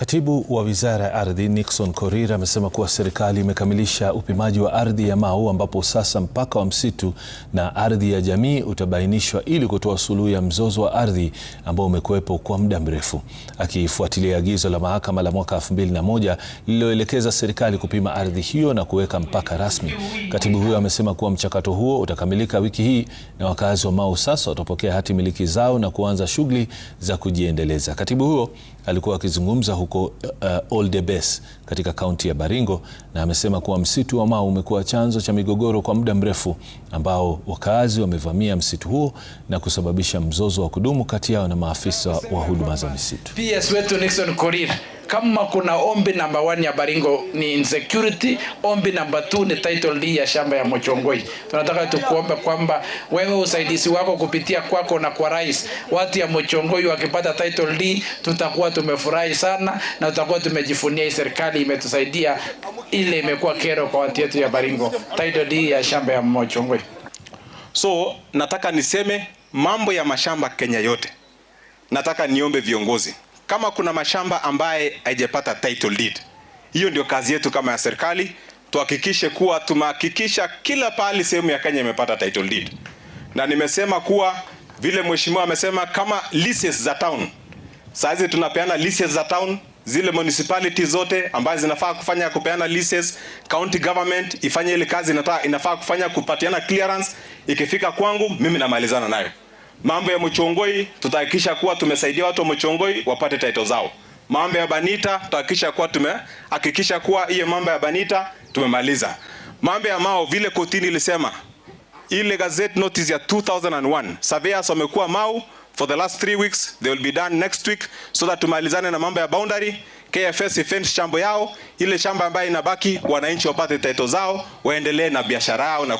Katibu wa Wizara ya Ardhi nixon Korir amesema kuwa serikali imekamilisha upimaji wa ardhi ya Mau ambapo sasa mpaka wa msitu na ardhi ya jamii utabainishwa ili kutoa suluhu ya mzozo wa ardhi ambao umekuwepo kwa muda mrefu. Akifuatilia agizo la mahakama la mwaka 2001 lililoelekeza serikali kupima ardhi hiyo na kuweka mpaka rasmi, katibu huyo amesema kuwa mchakato huo utakamilika wiki hii na wakazi wa Mau sasa watapokea hati miliki zao na kuanza shughuli za kujiendeleza. Katibu huyo alikuwa akizungumza huko uh, Oldebes katika kaunti ya Baringo, na amesema kuwa msitu wa Mau umekuwa chanzo cha migogoro kwa muda mrefu, ambao wakaazi wamevamia msitu huo na kusababisha mzozo wa kudumu kati yao na maafisa wa huduma za misitu. PS wetu Nixon Korir kama kuna ombi namba one ya Baringo ni insecurity, ombi namba two ni title deed ya shamba ya Mochongoi. Tunataka tukuombe kwamba wewe usaidizi wako kupitia kwako na kwa rais, watu ya Mochongoi wakipata title deed tutakuwa tumefurahi sana na tutakuwa tumejifunia hii serikali imetusaidia, ile imekuwa kero kwa watu yetu ya Baringo, title deed ya shamba ya Mochongoi. So nataka niseme mambo ya mashamba Kenya yote, nataka niombe viongozi kama kuna mashamba ambaye haijapata title deed, hiyo ndio kazi yetu kama ya serikali, tuhakikishe kuwa tumehakikisha kila pahali sehemu ya Kenya imepata title deed. Na nimesema kuwa vile mheshimiwa amesema, kama leases za town, saa hizi tunapeana leases za town zile municipality zote ambazo zinafaa kufanya kupeana leases, county government ifanye ile kazi inafaa kufanya kupatiana clearance. Ikifika kwangu mimi namalizana nayo. Mambo ya Muchongoi tutahakikisha kuwa tumesaidia watu wa Muchongoi wapate title zao. Mambo ya Banita tutahakikisha kuwa tumehakikisha kuwa hiyo mambo ya Banita tumemaliza. Mambo ya Mao vile kotini ilisema ile gazette notice ya 2001 surveyors wamekuwa Mau for the last three weeks they will be done next week so that tumalizane na mambo ya boundary KFS ifence shamba yao ile shamba ambayo inabaki wananchi wapate title zao waendelee na biashara yao na